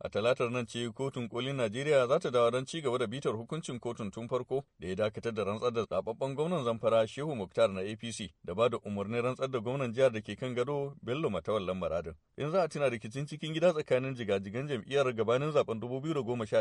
A talatar nan ce kotun kolin Najeriya za ta dawo don ci gaba da bitar hukuncin kotun tun farko da ya dakatar da rantsar da zababben gwamnan Zamfara Shehu Muktar na APC da ba da umarnin rantsar da gwamnan jihar da ke kan gado Bello matawan Maradin. In za a tuna rikicin cikin gida tsakanin jigajigan jam'iyyar gabanin zaben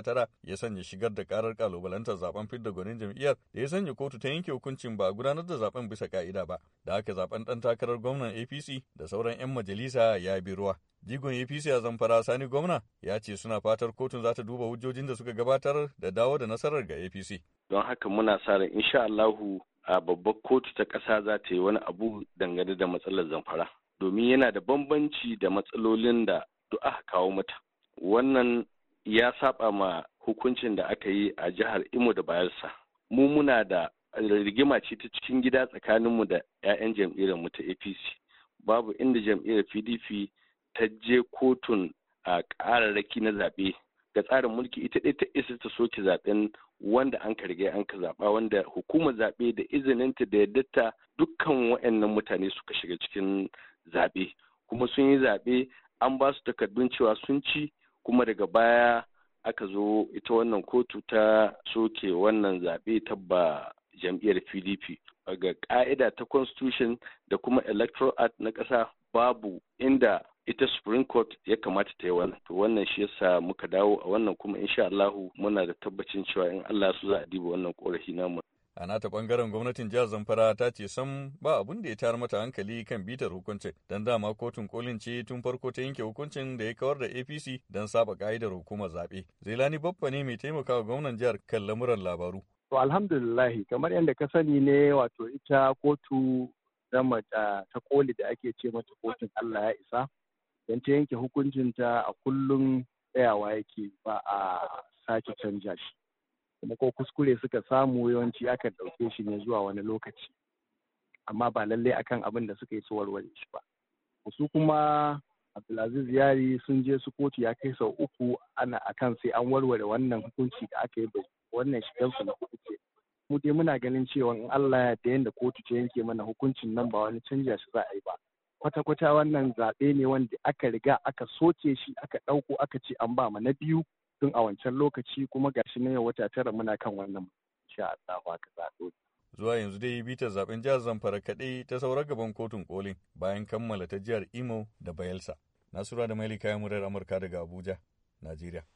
tara. ya sanya shigar da karar kalubalantar zaben fidda gwanin jam'iyyar da ya sanya kotu ta yanke hukuncin ba gudanar da zaben bisa ka'ida ba. Da haka zaben dan takarar gwamnan APC da sauran 'yan majalisa ya bi ruwa. Jigon APC a Zamfara Sani Gwamna ya ce suna fatar kotun za ta duba hujjojin da suka gabatar da dawo da nasarar ga APC. Don haka muna sa ran insha Allahu a babbar kotu ta ƙasa za ta yi wani abu dangane da matsalar Zamfara. Domin yana da bambanci da matsalolin da du'a kawo mata. Wannan ya saba ma hukuncin da aka yi a jihar Imo da Bayelsa. Mu muna da rigima ce ta cikin gida tsakaninmu da 'ya'yan jam'iyyar mu ta APC. Babu inda jam'iyyar PDP ta je kotun a ƙararraki na zaɓe ga tsarin mulki ita ɗaya ta isa ta soke zaɓen wanda an karge an ka zaɓa wanda hukumar zaɓe da izininta da yadda dukkan waɗannan mutane suka shiga cikin zaɓe kuma sun yi zaɓe an ba su takardun cewa sun ci kuma daga baya aka zo ita wannan kotu ta soke wannan zaɓe tabba jam'iyyar pdp ga ƙa'ida ta constitution da kuma electoral act na ƙasa babu inda ita Supreme Court ya kamata ta yi wannan. To wannan shi yasa muka dawo a wannan kuma insha Allahu muna da tabbacin cewa in Allah su za a diba wannan korafi namu. A nata bangaren gwamnatin jihar Zamfara ta ce sam ba abun da ya tayar mata hankali kan bitar hukuncin don dama kotun kolin ce tun farko ta yanke hukuncin da ya kawar da APC don saba ka'idar hukumar zaɓe. Zailani babba ne mai taimaka taimakawa gwamnan jihar kan lamuran labaru. To alhamdulillahi kamar yadda ka sani ne wato ita kotu mata ta koli da ake ce mata kotun Allah ya isa don ta yanke hukuncinta a kullum tsayawa yake ba a sake canja shi kuma ko kuskure suka samu yawanci aka ɗauke shi ne zuwa wani lokaci amma ba lallai akan abin da suka yi su warware shi ba su kuma abdulaziz yari sun je su kotu ya kai sau uku ana akan sai an warware wannan hukunci da aka yi wannan shi na hukunci dai muna ganin cewa in Allah ya da yanda kotu ce yanke mana hukuncin nan ba wani canja shi za a yi ba kwata-kwata wannan zaɓe ne wanda aka riga aka soke shi aka ɗauko aka ce an ba ma na biyu tun a wancan lokaci kuma gashi na yau wata tara muna kan wannan insha Allah ba ka zaɓe. Zuwa yanzu dai bitar zaɓen jihar Zamfara kaɗai ta saura gaban kotun kolin bayan kammala ta jihar Imo da Bayelsa. Nasura da Maili kayan murar Amurka daga Abuja, Najeriya.